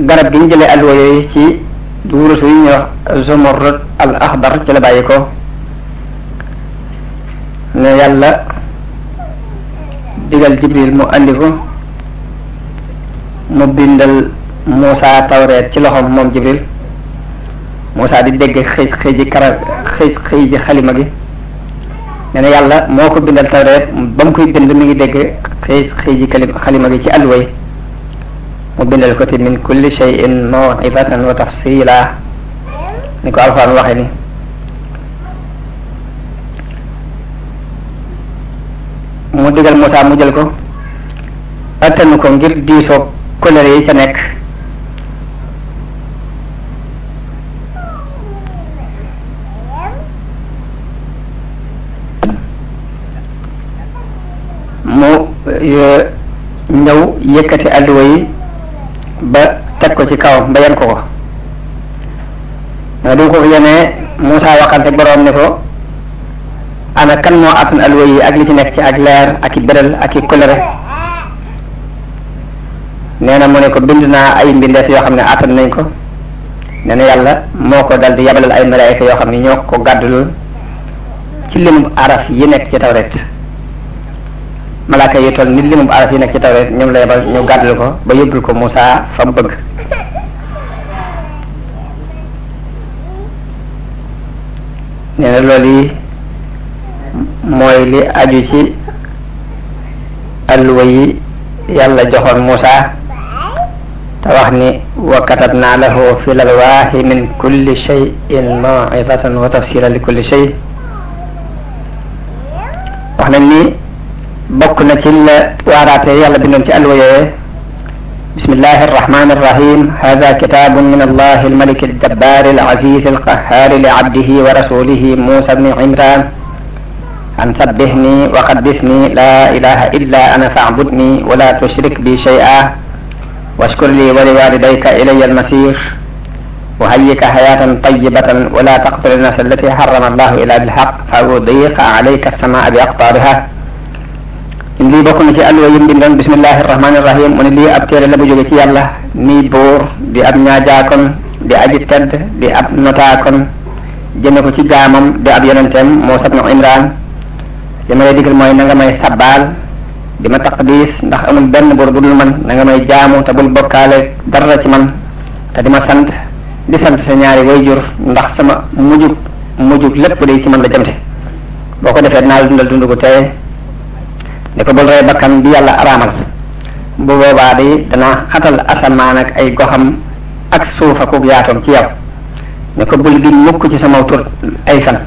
garab gi ñu jëlee alluwa yooyu ci duuru suñu ñu wax zumurrud al axdar ci la bàyyi ko ne yàlla digal jibril mu andi ko mu bindal Moussa tawreet ci loxoom moom jibril Moussa di dégg xëy xëy ji kara xëy xëy ji xalima gi ne yàlla moo ko bindal tawreet ba mu koy bind mi ngi dégg xëy xëy ji xalima gi ci alluwa yi وبين الكتب من كل شيء موعظة وتفصيلا نقول ألف الله لي مدق الموسى مجلكو أتنكم جل ديسو كل ريس نك مو يو يكتي ألوي ba teg ko ci kawam ba yan ko ko mais du ko yenee Moussa waxante borom ne ko ana kan moo attan alwa yi ak li ci nekk ci ak leer ak i beral ak i kolere nee na mu ne ko bind naa ay mbindeef yoo xam ne attan nañ ko nee na yàlla moo ko dal di yabalal ay malaayika yoo xam ne ñoo ko gàddul ci limu araf yi nekk ci tawret malaaka yi toll nit li moom araf yi nekk ci tawreet ñu gàddal ko ba yóbbul ko Moussa fa mu bëgg nee na loolu mooy li aju ci alluwa yi yàlla joxoon Moussa te wax ni wa katabna lahu fi lalwaahi min kulli shay'in maw'izatan wa li kulli shay wax nañ ni bokk تلا ci la waaraatee تألو بسم الله الرحمن الرحيم هذا كتاب من الله الملك الدبار العزيز القهار لعبده ورسوله موسى بن عمران أن سبهني وقدسني لا إله إلا أنا فاعبدني ولا تشرك بي شيئا واشكر لي ولوالديك إلي المسيح وهيك حياة طيبة ولا تقتل الناس التي حرم الله إلا بالحق فأضيق عليك السماء بأقطارها Indi bokku na ci alluwa yim bindoon bismillahir rahmanir rahim mu ne ab téere la bu joge ci yalla ni bor di ab kon di aji tedd di ab kon jëme ko ci jaamam di ab yonentem mo sab imran dama lay digal moy nga may sabbal di ma taqdis ndax amul ben bor dul man nga may jaamu ta bul bokale dara ci man ta di ma sant di sant sa ñaari jur ndax sama mujuk mujuk lepp day ci man la jamte boko ko na dundal dundugo tay ne ko bul rey bakkan bi yàlla araamal bu boobaa day dana xatal asamaan ak ay goxam ak suuf ak yaatoom ci yow ne ko bul giñ mukk ci sama tur ay fan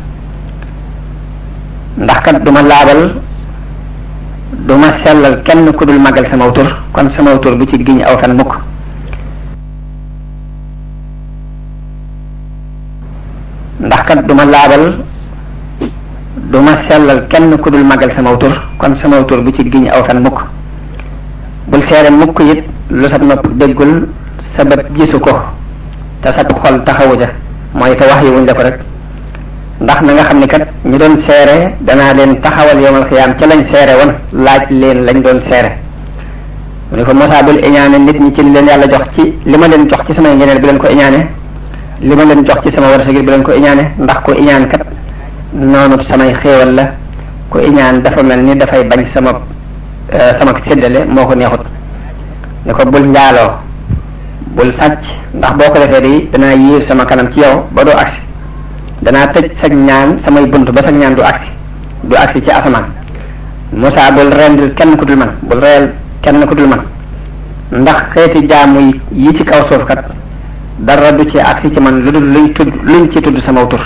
ndax kat du ma laabal du ma sellal kenn ku dul màggal sama tur kon sama tur bu ci giñ aw fan mukk ndax kat du laabal du ma sellal kenn ku dul magal sama wutur kon sama wutur bu ci giñ aw tan mukk bul séré mukk yit lu sa nopp deggul sabab jisukoh. gisu ko te sa xol taxawu ja moy ta wahyu yi wuñ la rek ndax na nga xamni kat ñu doon séré dana leen taxawal yowal xiyam ci lañ séré won laaj leen lañ doon séré ko mosa bil iñane nit ñi ci leen yalla jox ci lima leen jox ci sama ngeenel bi leen ko iñane lima ma leen jox ci sama bi leen ko iñane ndax ko iñane kat noonu samay xéewal la ku iñaan dafa mel ni dafay bañ sama euh, sama séddale moo ko neexut ne ko bul njaaloo bul sàcc ndax boo ko defee di danaa yiir sama kanam ci yow ba doo agsi danaa tëj sag ñaan samay bunt ba sag ñaan du agsi du agsi ci asamaan Moussa bul rendil kenn ku dul man bul reyal kenn ku dul man ndax xeeti jaamu yi ci kaw suuf kat dara du ci agsi ci man lu dul luñ tudd luñ ci tudd sama tur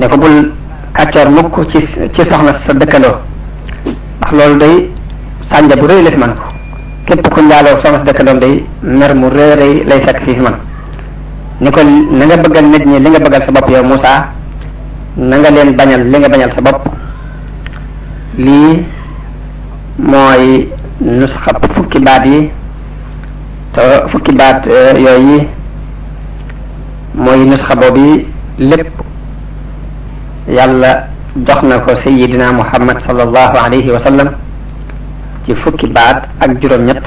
ne ko bul kàccoor mukk ci ci soxna sa dëkkandoo ndax loolu day sànja bu rëy la fi man ko képp ku njaaloo soxna sa dëkkandoom day mer mu rëy rëy lay fekk fii fi man ni ko na nga nit ñi li nga bëggal sa bopp yow Moussa nanga leen bañal li nga bañal sa bopp lii mooy nusxa fukki baat yi te fukki baat euh, yooyu mooy nusxa boobu lépp يلا جخنا كو سيدنا محمد صلى الله عليه وسلم تي فكي بعد أجر نت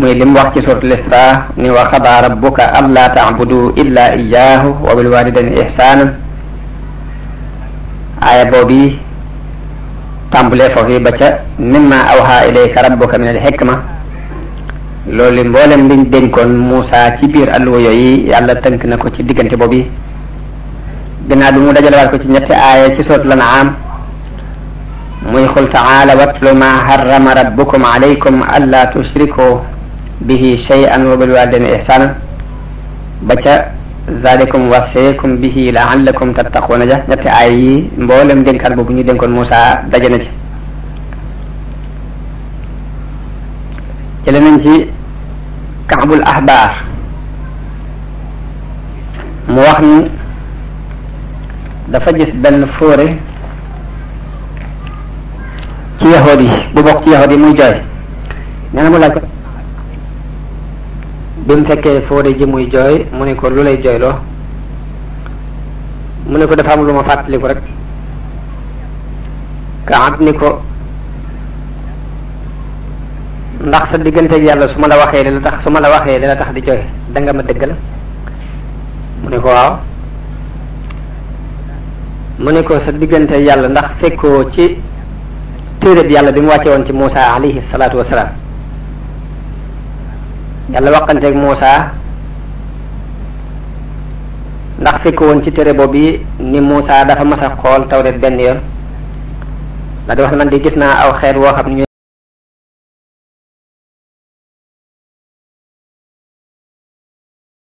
مي لم وقت سورة الإسراء نوى ربك ألا تعبدوا إلا إياه وبالوالدين إحسانا آية بوبي tambule fofi ba ca mimma awha ilayka rabbuka min alhikma loli mbolam liñ denkon musa ci bir alwo yoyi yalla tank nako ci ginnaaw bi mu dajalewaat ko ci ñetti aaya ci sootu lan aam muy xul taala watlu ma harrama rabbukum alaykum alla tushriku bihi shay'an wa bilwalidayni ihsana ba ca zalikum wasaykum bihi laallakum tattaquuna ja ñetti aaya yi mboolem dénkaat boobu ñu dénkoon Moussa daje na ci jële nañ ci kaabul ahbaar mu wax ni dafa gis benn fóore ci yahood yi bu bokk ci yahood yi muy jooy nee na mu laaj bi mu fekkee fóore ji muy jooy mu ne ko lu lay jooyloo mu ne ko dafa am lu ma fàttaliku rek kaat ni ko ndax sa diggante yàlla su ma la waxee li la tax su ma la waxee li la tax di jooy da nga ma dëggal mu ne ko waaw mu ne ko sa diggante yàlla ndax fekkoo ci téeréb yàlla bi mu wàcce woon ci Muusa alayhi salaatu wasalaam yàlla waxanteeg Muusa ndax fekkoo woon ci téere boobu bi ni Muusa dafa mas a xool tawreet benn yoon ndax di wax man di gis naa aw xeet woo xam ne